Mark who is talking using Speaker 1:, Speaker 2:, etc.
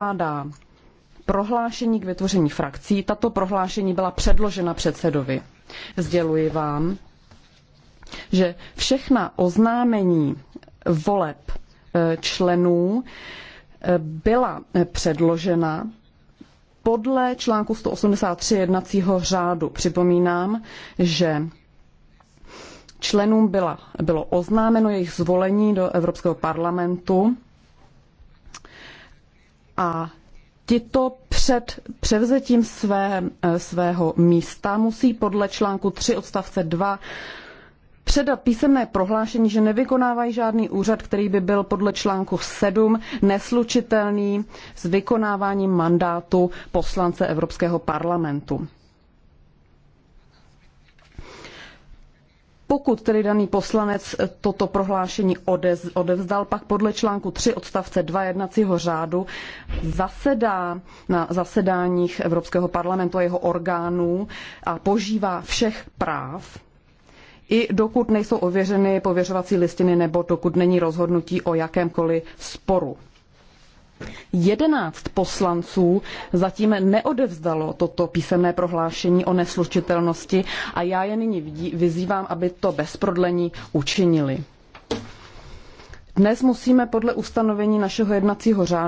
Speaker 1: předkládá prohlášení k vytvoření frakcí. Tato prohlášení byla předložena předsedovi. Sděluji vám, že všechna oznámení voleb eh, členů eh, byla eh, předložena podle článku 183 jednacího řádu. Připomínám, že členům byla, bylo oznámeno jejich zvolení do Evropského parlamentu a tito před převzetím své, eh, svého místa musí podle článku 3 odstavce 2 předat písemné prohlášení, že nevykonávají žádný úřad, který by byl podle článku 7 neslučitelný s vykonáváním mandátu poslance Evropského parlamentu. Pokud tedy daný poslanec toto prohlášení odez, odevzdal, pak podle článku 3 odstavce 2 jednacího řádu zasedá na zasedáních Evropského parlamentu a jeho orgánů a požívá všech práv, i dokud nejsou ověřeny pověřovací listiny nebo dokud není rozhodnutí o jakémkoliv sporu. Jedenáct poslanců zatím neodevzdalo toto písemné prohlášení o neslučitelnosti a já je nyní vyzývám, aby to bez prodlení učinili. Dnes musíme podle ustanovení našeho jednacího řádu